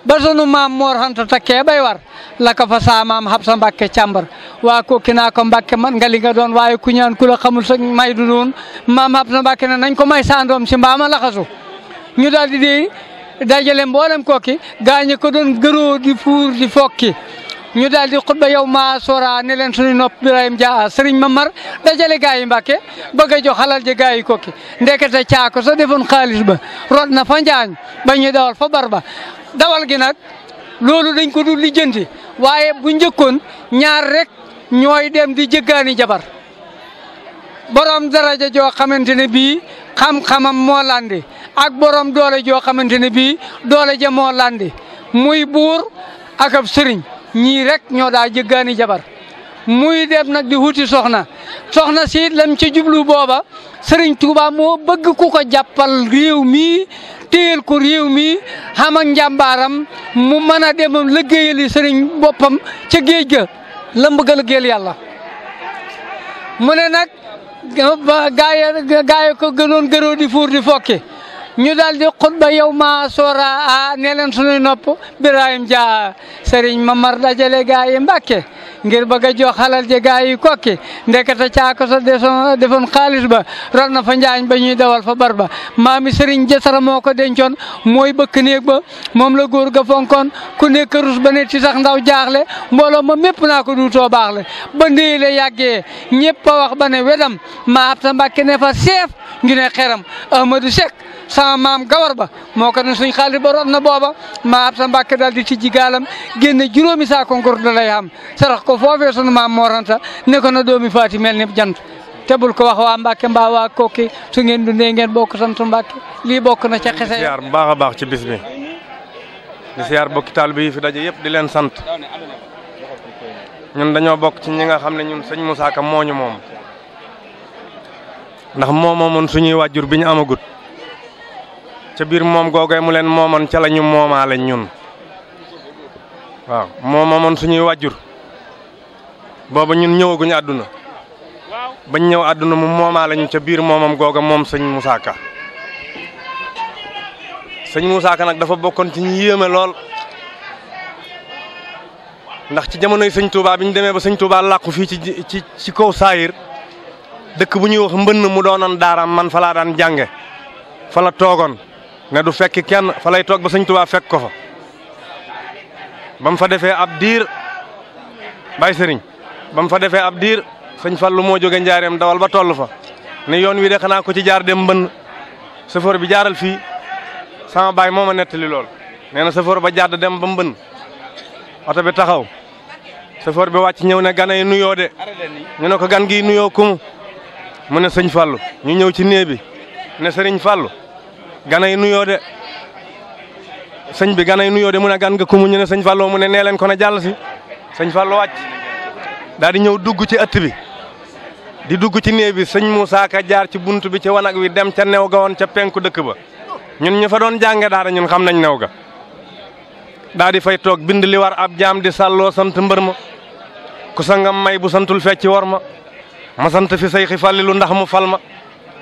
ba sunu maam Mor Anta takkee bay war la ko fa saa maam Habsa Mbàkke càmbar waa kooki naa ko Mbàkke man nga li nga doon waaye ku ñaan ku la xamul sa may du doon maam Habsa Mbàkke ne nañ ko may sandoom si mbaama laxasu ñu daal di dajale mboolem kooki gaañu ko doon gëroo di fuur di fokki ñu daal di xutba yow maa sora ne leen suñu nopp Birahim Dia Serigne Mamar dajale gaa yi Mbàkke bëgg a jox xalal ji gaa yi kokki ndekete caako sa defoon xaalis ba rod na fa njaañ ba ñu dawal fa bar ba dawal gi nag loolu dañ ko du lijjanti waaye bu njëkkoon ñaar rek ñooy dem di jëggaani jabar borom daraja joo xamante ne bii xam-xamam moo landi ak borom doole joo xamante ne bii doole ja moo landi muy buur ak sëriñ ñii rekk ñoo daa jëggaani jabar muy dem nag di wuti soxna soxna siit lam ci jublu booba sëriñ Tuuba moo bëgg ku ko jàppal réew mii téyel ko réew mii xam ak mu mën a demam liggéeyali sëriñ boppam ca géej ga la bëgg a liggéeyal yàlla mu ne nag gaay gaay ko gënoon gëroo di fuur di fokki ñu daal di xutba yow maa soora a ne leen sunuy nopp Birahim Dia Serigne Mamar dajale gaa yi Mbàkke ngir bëgg a jox xalal ji gaa yi kokki ndekete caaka sa desoon defoon xaalis ba ron na fa njaañ ba ñuy dawal fa bar ba maami Serigne Jatara moo ko dencoon mooy bëkk néeg ba moom la góor ga fonkoon ku kërus ba ne ci sax ndaw jaaxle mbooloo ma mépp naa ko duutoo baax le ba ndéy la yàggee ñëpp a wax ba ne wedam maa ab sa Mbàkke ne fa seef ngi ne xeram Amadou Seck sama maam gawar ba moo ko ne suñ xaalis ba roon na booba maa ab sa mbàkke daal di tijji gaalam génne juróomi saa concours da lay am sarax ko foofee sunu maam mooranta ne ko na doomi faati mel ni jant te bul ko wax waa Mbacke mbaa waa Koki su ngeen dundee ngeen bokk sant Mbacke lii bokk na ca xese siyaar bu baax a baax ci bis bi di siyaar bokki taalibe yi fi daje yëpp di leen sant ñun dañoo bokk ci ñi nga xam ne ñun sëñ Moussa Ka mooñu moom ndax moo moomoon suñuy wàjjur bi ñu amagut ca biir moom googee mu leen moomoon ca la ñu moomaale ñun waaw moo moomoon suñuy wàjjur booba ñun ñëwaguñu àdduna bañ ñëw àdduna mu moomaale ñu ca biir moomam googa moom sëñ Moussa Ka sëñ Moussa Ka nag dafa bokkoon ci ñu yéeme lool ndax ci jamonoy sëñ Touba bi ñu demee ba sëñ Touba làqu fii ci ci ci kaw saayir dëkk bu ñuy wax mbënn mu doonoon daaraam man falaa daan jànge fala toogoon ne du fekk kenn fa lay toog ba sëñ Tuubaa fekk ko fa ba fa defee ab diir bay sëriñ ba fa defee ab diir sëñ Fallu moo jóge njaareem dawal ba toll fa ne yoon wi de xanaa ko ci jaar dem mbënn sëfoor bi jaaral fii sama baay moo ma nettali lool nee na sëfoor ba jàdd dem ba mbënn oto bi taxaw sëfoor bi wàcc ñëw ne gan yi nuyoo de ñu ne ko gan gi nuyoo kumu mu ne sëñ Fallu ñu ñëw ci néeg bi ne sëriñ Fallu ganay nuyoo de sëñ bi ganay nuyoo de mu ne gan nga ku ñu ne sëñ Fallou mu ne nee leen a na jàll si sëñ Fallou wàcc daal di ñëw dugg ci ëtt bi di dugg ci néeg bi sëñ Moussa Ka jaar ci bunt bi ci wanag wi dem ca new ga woon ca penku dëkk ba ñun ñu fa doon jànge daara ñun xam nañ new ga daa di fay toog bind li war ab jaam di salloo sant mbër ma ku sangam may bu santul ci war ma ma sant fi say xifalli ndax mu fal ma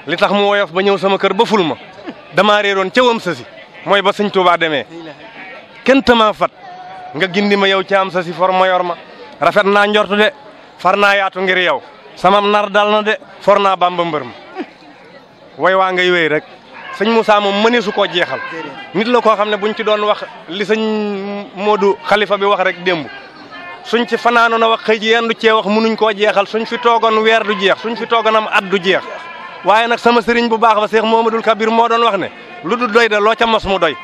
li tax mu woyof ba ñëw sama kër ba ful ma dama réeroon ca wam sasi mooy ba sëñ Tuubaa demee kenn tamaa fat nga gindi ma yow ca am sasi for ma yor ma rafet naa njortu de far naa yaatu ngir yow sama nar dal na de for naa bamba mbër ma way waa ngay wey rek sëñ Moussa moom mënee su koo jeexal nit la koo xam ne bu ñu ci doon wax li sëñ Modou xalifa bi wax rek démb suñ ci fanaanoon na wax xëy ji yenn du cee wax mënuñ koo jeexal suñ fi toogoon weer du jeex suñ fi toogoon am at du jeex waaye nag sama sëriñ bu baax ba Seex Momadul Kabir moo doon wax ne lu du doy de loo ca mos mu doy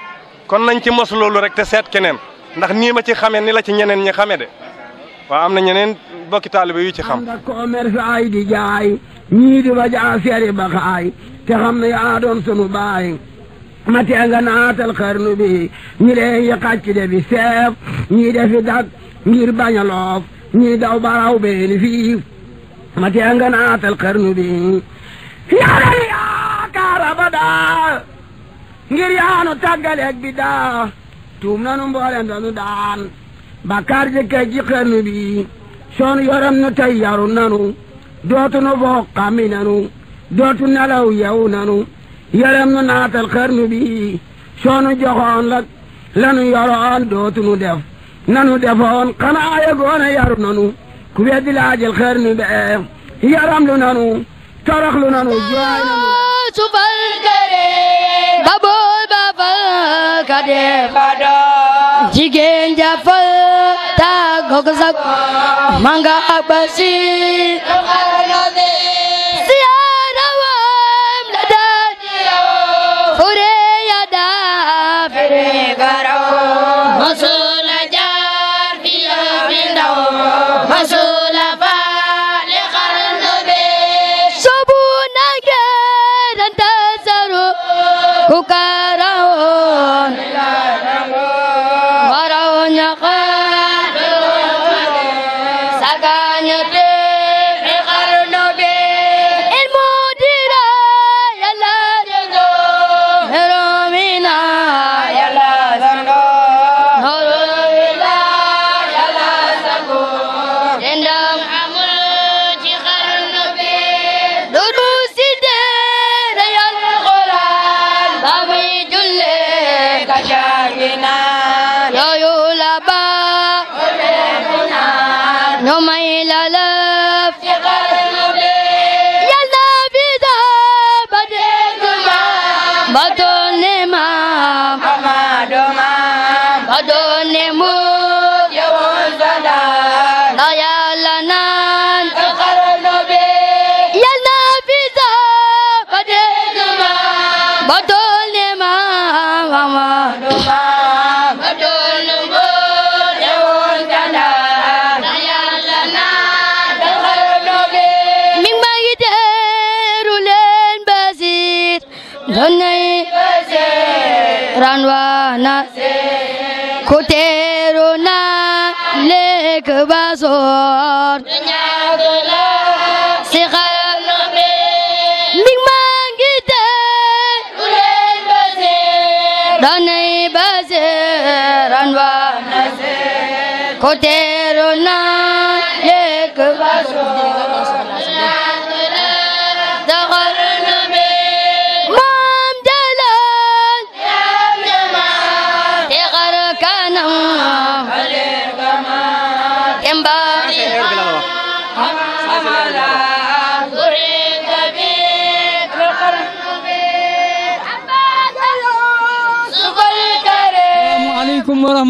kon nañ ci mos loolu rek te seet keneen ndax nii ma ci xamee ni la ci ñeneen ñi xamee de waaw am na ñeneen bokki taalibe yu ci xam. ndax commerce ay di jaay ñii di ba jaa seeri ba xaay te xam ne yaa doon sunu baay ma tee nga naatal xarnu bi bi ñii a loof ñii daw baraw beeni fii ma tee nga naatal xarnu bi yow la ñu yaakaar abadaa ngir yaanu tàggaleeg bi daa tuum nanu mboolem dañu daan bakkaar jëkkee ji xërnu bi soonu yoram nu tey yaru nanu dootu nu foog xammi nanu dootu nelaw yew nanu yaram nu naatal xërnu bi soonu joxoon la lanu yoroon dootu nu def nanu defoon xanaa yegoona yaru nanu ku weddi laajal xërnu bee yaram lu nanu toroxlu nanu jooy nanu su fal kare ba bool ba fal kade ba doon ja fal taa gog sak manga abasi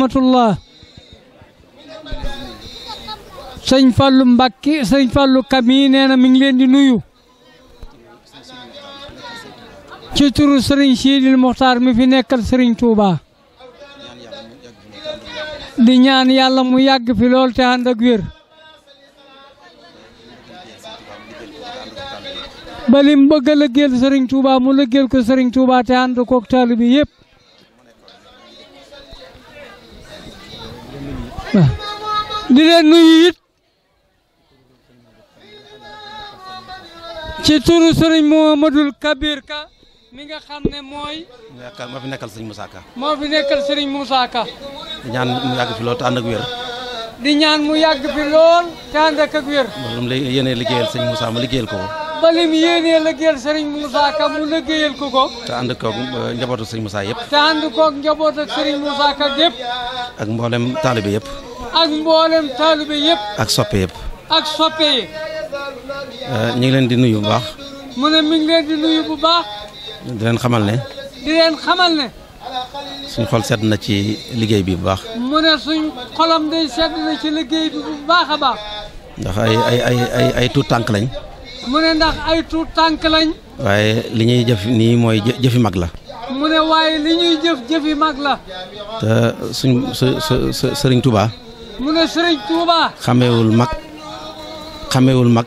rahmatullah sëñ Fallou Mbacke sëñ Fallou Kami nee na mi ngi leen di nuyu ci turu Serigne Sidil Mokhtar mi fi nekkal Serigne Touba di ñaan yàlla mu yàgg fi lool te ànd ak wér ba lim a lëggeel Serigne Touba mu lëggeel ko Serigne Touba te ànd koog taalibe bi di leen nuyu it ci turu Serigne Mouhamadoul Kabir Ka mi nga xam ne mooy. moo fi nekkal Serigne Moussa Ka. moo fi nekkal Serigne Moussa Ka. di ñaan mu yàgg fi lool te ànd ak wér. di ñaan mu yàgg fi lool te ànd ak wér. loolu lay yéene liggéeyal Serigne Moussa ma liggéeyal ko. ba lim yéenee liggéeyal Serigne Moussa Ka mu liggéeyal ko ko. te ànd koog uh, njabootu Serigne Moussa yëpp. te ak mboolem taalibe yëpp. ak mboolem taalibe yëpp. ak soppe yëpp. ak soppe yi. Uh, ñu ngi leen di nuyu bu baax. mu ne mi ngi leen di nuyu bu baax. di leen xamal ne. di leen xamal ne. suñ xol sedd na ci liggéey bi bu baax. mu ne suñ xolam day sedd na ci liggéey bi bu baax a baax. ndax ay ay ay tànk lañ. mu ne ndax ay tuut tànk lañ. waaye li ñuy jëf nii mooy jëfi mag la. mu ne waaye li ñuy jëf jëfi mag la. sëriñ Touba. mu ne sëriñ Touba. xameewul mag xameewul mag.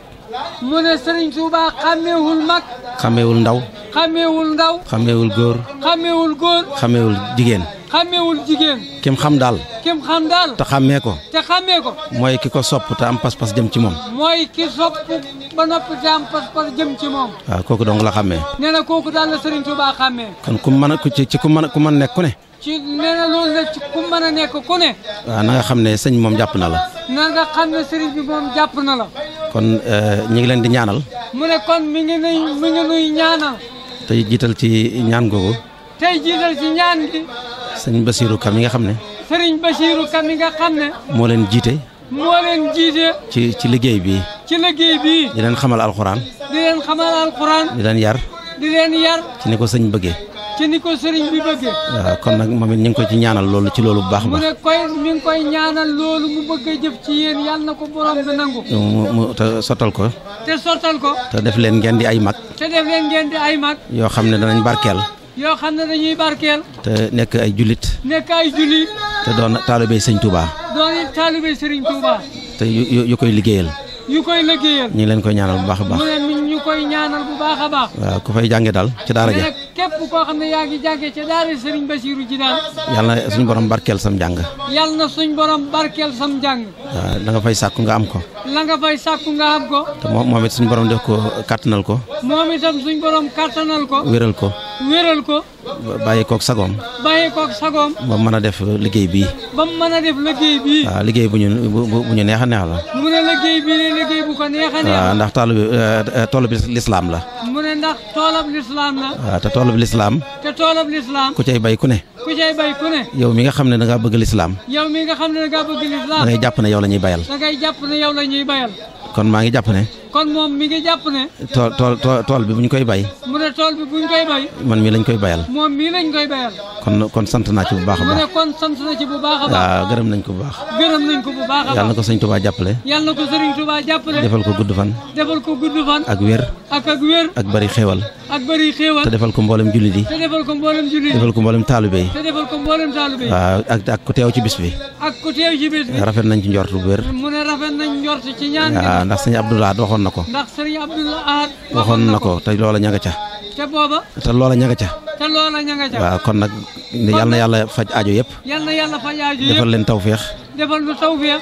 mu ne sëriñ Touba xameewul mag. xameewul ndaw. xameewul ndaw. xameewul góor. xameewul góor. xameewul jigéen. xàmmeewul jigéen. kim xam daal. kim xam daal. te xàmmee ko. te xàmmee ko. mooy ki ko sopp te am pas-pas jëm ci moom. mooy ki sopp ba noppi te am pas-pas jëm ci moom. waaw kooku dong la xàmmee. nee kooku daal la Serigne Touba xàmmee. kon ku mën a ku mën nekk ku ne. ci nee loolu la ci ku mën a nekk ku ne. waaw na nga xam ne sëñ moom jàpp na la. na xam ne sëriñ bi moom jàpp na la. kon eh, ñu ngi leen di ñaanal. mu ne kon mi ngi nuy ñaanal. tey jiital ci ñaan googu. tey jiital sëñ Basiirou Ka mi nga xam ne. sëriñ Basiirou Ka mi nga xam ne. moo leen jiite. moo leen jiite. ci ci liggéey bii. ci liggéey bii. di leen xamal alxuraan. di leen xamal alxuraan. di leen yar. di leen yar. ci ni ko sëñ bëgge ci ni ko sëriñ bi bëggee. waaw kon nag moom it ñu ngi koy ci ñaanal loolu ci loolu bu baax ma baax. mu ne koy mi ngi koy ñaanal loolu mu bëgg a jëf ci yéen yàlla na ko borom bi nangu. mu te sottal ko. te sottal ko. te def leen ngeen di ay mag. te def xam ne danañ barkeel. yoo xam ne dañuy barkeel. te nekk ay jullit. nekk ay jullit. te doon taalibey sëñ Touba. doon taalibey sëriñ Touba. te yu koy liggéeyal. yu ñu ngi leen koy ñaanal bu baax a baax. ñu ñu koy ñaanal bu baax a baax. waaw ku fay jànge daal ci daara ja. képp koo xam ne yaa ngi jànge ca daara sëriñ Basiiru ji daal. yal na suñu borom barkeel sam jàng. yal na suñu borom barkeel sam jàng. waaw da nga fay sàkku nga am ko. la nga fay sàkku nga am ko. te moom it suñu borom def ko kàttanal ko. moom itam suñu borom kàttanal ko. wéral ko. wéral ko. bàyyi kook sagoom. bàyyi koog sagoom. ba mën a def liggéey bii. ba mu mën a def liggéey bii. liggéey bu ñu ñu neex a neex ko neex a neex. ndax toolu bi eh, eh, toolu bi lislaam la. mu ne ndax toolab lislaam la. waaw te toolab lislaam. te toolab lislaam. ku cay bay ku ne. ku cay bay ku ne. yow mi nga xam ne danga ngaa bëgg lislaam. yow ne jàpp ne yow lañuy bayal. kon maa ngi jàpp ne. kon moom mi ngi jàpp ne. tool tool tool bi bu ñu koy bay. mu ne tool bi bu ñu koy bay. man mii lañ koy bayal. moom mii lañ koy bayal. kon kon sant naa ci bu baax a baax. mu ne kon sant na ci bu baax a baax. waaw gërëm nañ ko bu baax. gërëm nañ ko bu baax a baax. yàlla na ko sëñ Touba jàppale. yàlla na ko sëriñ Touba jàppale. defal ko gudd fan. defal ko gudd fan. ak wér. ak ak wér. ak bari xéewal. ak bari xéewal. te defal ko mboolem jullit yi. te defal ko mboolem jullit yi. defal ko mboolem taalibe yi. te defal ko mboolem taalibe yi. waaw ak ak ku teew ci bis bi. ak ku teew ci bis bi. rafet nañ ci njort bu wér. mu ne rafet nañ njort ci ñaan. waaw ndax sëñ Abdoulaye waxoon waxoon na na ko te loola ña ca. te booba. te ca. waaw kon nag yal na yàlla faj aajo yëpp. faj aajo yëpp defal leen tawféex.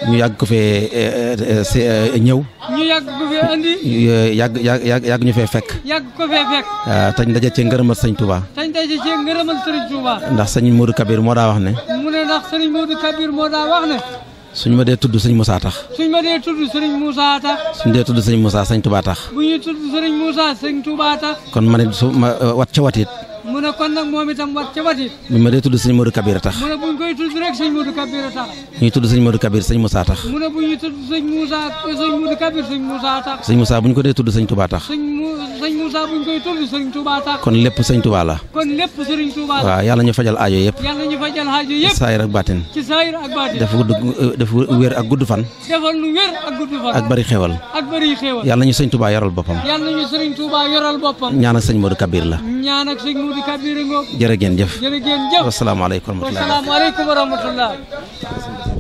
ñu yàgg ko fee eh, eh, eh, ñëw. ñu yàgg ko fee andi. yàgg yàgg ñu fee fekk. yàgg ko fee fekk. Ah, tañ daje cee ngërëmal sëñ Touba. ndax sëñ Modou Kabir moo daa wax ne. mu ne ndax sëriñ Modou Kabir moo daa wax ne. suñ ma dee tudd sëñ Moussa tax. suñ ma dee tudd sëriñ Moussa tax. suñ sëñ Moussa sëñ Touba tax. bu ñuy tudd sëriñ Moussa sëñ Touba tax. kon ma ne su ma wat ca watit mu ne kon nag moom itam war ca watit ñu ma dee tudd sëñ Modou Kabir tax mu ne tudd rek sëñ Modou Kabir tax ñuy tudd sëñ Modou Kabir sëñ Moussa tax mu ne bu ñuy tudd sëñ Moussa sëñ Modou Kabir tax sëñ Moussa bu ñu ko dee tudd sëñ Touba tax sëñ Moussa bu ñu koy tudd sëñ Touba tax kon lépp sëñ Touba la kon waaw yàlla ñu fajal aajo yëpp yàlla ñu saayir ak baatin ci saayir ak baatin dafa gudd wér ak gudd fan defal lu wér ak gudd fan ak bari xéewal yàlla ñu sëñ Touba yoral boppam yàlla ñaan ak sëñ Modou Kabir la jërë ngeen jëf jërë ngeen jëf wasalaamaaleykum wa rahmatulah.